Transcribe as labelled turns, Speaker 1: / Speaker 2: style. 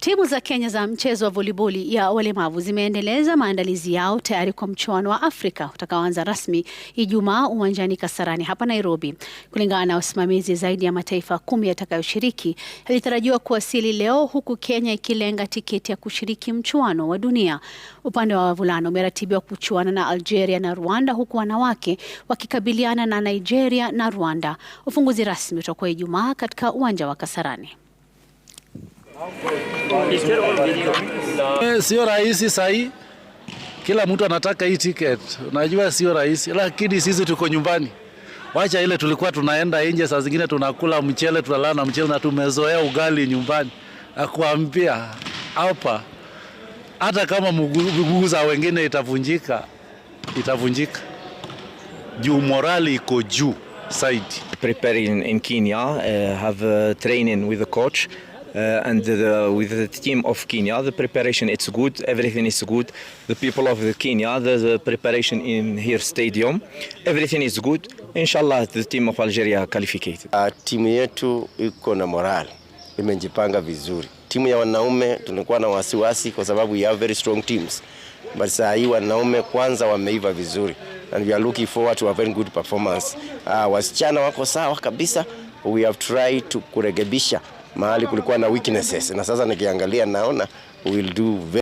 Speaker 1: Timu za Kenya za mchezo wa voliboli ya walemavu zimeendeleza maandalizi yao tayari kwa mchuano wa Afrika utakaoanza rasmi Ijumaa uwanjani Kasarani hapa Nairobi. Kulingana na usimamizi, zaidi ya mataifa kumi yatakayoshiriki yalitarajiwa kuwasili leo, huku Kenya ikilenga tiketi ya kushiriki mchuano wa dunia. Upande wa wavulana umeratibiwa kuchuana na Algeria na Rwanda, huku wanawake wakikabiliana na Nigeria na Rwanda. Ufunguzi rasmi utakuwa Ijumaa katika uwanja wa Kasarani.
Speaker 2: Eh, sio rahisi sahi, kila mtu anataka hii ticket. Unajua sio rahisi, lakini sisi tuko nyumbani. Wacha ile tulikuwa tunaenda nje, saa zingine tunakula mchele, tunalala na mchele na tumezoea ugali nyumbani. Nakuambia hapa, hata kama mguu za wengine itavunjika, itavunjika juu morali iko juu saidi.
Speaker 3: Preparing in Kenya, uh, have a training with a coach Uh, and the, with the team of Kenya, the preparation it's good, everything is good. The people of the Kenya, the, the, preparation in here stadium, everything is good. Inshallah, the team of Algeria qualified.
Speaker 4: Uh, timu yetu iko na moral imejipanga vizuri. Timu ya wanaume tulikuwa na wasiwasi kwa sababu we have very strong teams, but saa hii wanaume kwanza wameiva vizuri and we are looking forward to a very good performance. Uh, wasichana wako sawa kabisa, we have tried to kurekebisha mahali kulikuwa na weaknesses, na sasa nikiangalia naona we'll do very